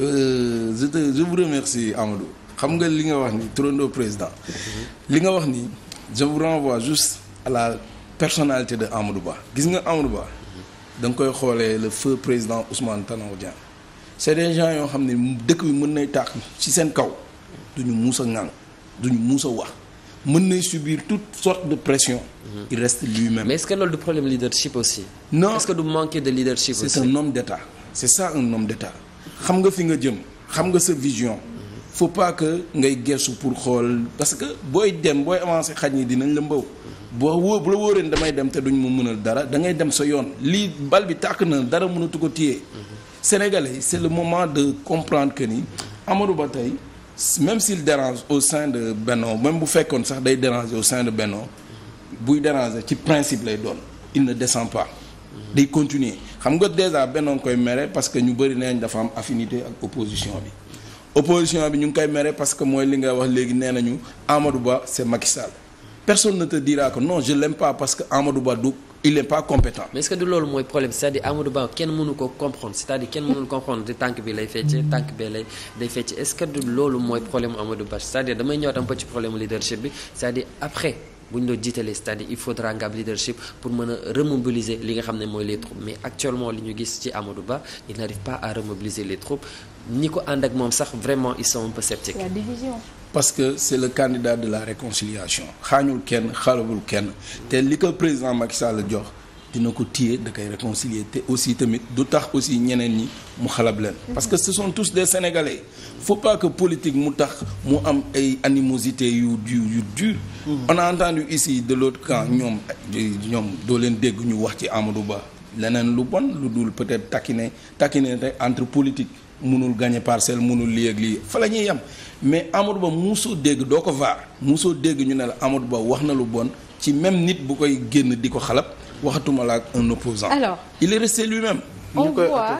Euh, je te je vous remercie Amadou xam nga li nga wax ni turandoo président li nga wax ni je vous renvoie juste à la personalité de Amadou Ba gis nga Amadou Ba da nga koy xoolee le feu président Ousmane Tanor Dieng c'est des gens yoo xam ne dëkk bi mën nay taax ci seen kaw duñu muus a ŋàng du ñu a wax mën nay subir toute sorte de pression. il reste lui-même. mais est-ce que loolu du problème leadership aussi. non est-ce que du manque de leadership aussi. c'est un ça un homme d'État. xam nga fi nga jëm xam nga sa vision faut pas que ngay geesu pour xool parce que booy dem booy avancé xaj ni dinañ la mbaw boo wóor bu la wóoree damay dem te duñ mu mënal dara da ngay dem sa yoon lii bal bi tàkk na dara mënatu ko téye Sénégalais c'est le moment de comprendre que ni Amadou Ba tey même s'il dérange au sein de Benno même bu fekkoon sax day déranger au sein de Benno buy déranger ci principe lay doon il ne descend pas day continuer xam nga dèjà bennoon koy mere parce que ñu bëri nañ dafa am affinité ak opposition bi opposition bi ñu ngi koy mere parce que mooy li nga wax léegi nee nañu Amadou Ba c'est Macky Sall personne ne te dira que non je l'aime pas parce que Ba du il est pas compétent. mais est du loolu mooy problème c'est-à-dire Amadou Ba kenn mënu ko comprendre c'est-à-dire kenn mënul comprendre di tànk bi lay fecce tànk bee du loolu mooy problème Amadou Ba c'est-à-dire damay ñëwaat un peu bi cest bu ñu la jiitalee c'est-à-dire il faudra nga leadership pour mën a remobiliser li nga xam ne mooy les troupes mais actuellement li ñu gis ci Amadou Ba il n'arrive pas à remobiliser les troupes ni ko ànd ak moom sax vraiment ils sont un peu sceptiques. la parce que c'est le candidat de la réconciliation xaañul kenn xarabul kenn te li ko président Macky Sall jox. dina ko téye da koy réconcilier te aussi tamit du tax aussi ñeneen ñi mu xalab leen. parce que ce sont tous des sénégalais faut pas que politique mu tax mu am ay animosité yu yu yu dur. Mm-hmm. on yu entendu ici de l'autre camp ñoom ñoom doo leen dégg ñu wax ci Amadou Ba leneen lu bon lu dul peut-être taquiner taquiner te entre politique munul gagner parcelle munul lii ak lii fa la ñuy yem mais Amadou Ba muusoo dégg doo ko vaar muusoo dégg ñu ne la Amadou Ba wax na lu bon ci même nit bu koy génn di ko xalab. waxatuma la ak un opposant il est resté lui-même. on voit